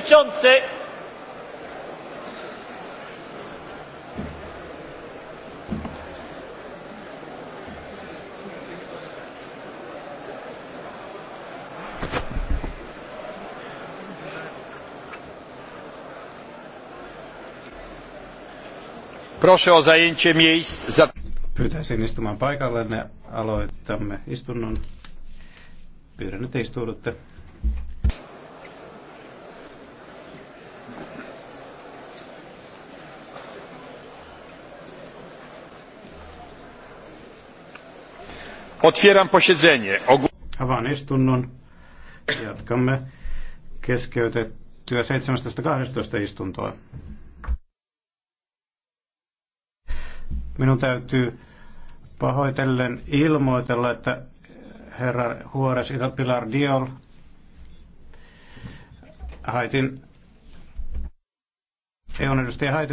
przewodniczący. Proszę o zajęcie miejsc. Za... Pyytäisin istumaan paikalle. Me aloitamme istunnon. Pyydän, että istuudutte. Otwieram posiedzenie. Avaan istunnon. Jatkamme keskeytettyä 17.12. istuntoa. Minun täytyy pahoitellen ilmoitella, että herra Huores Pilar Diol Haitin EUn edustaja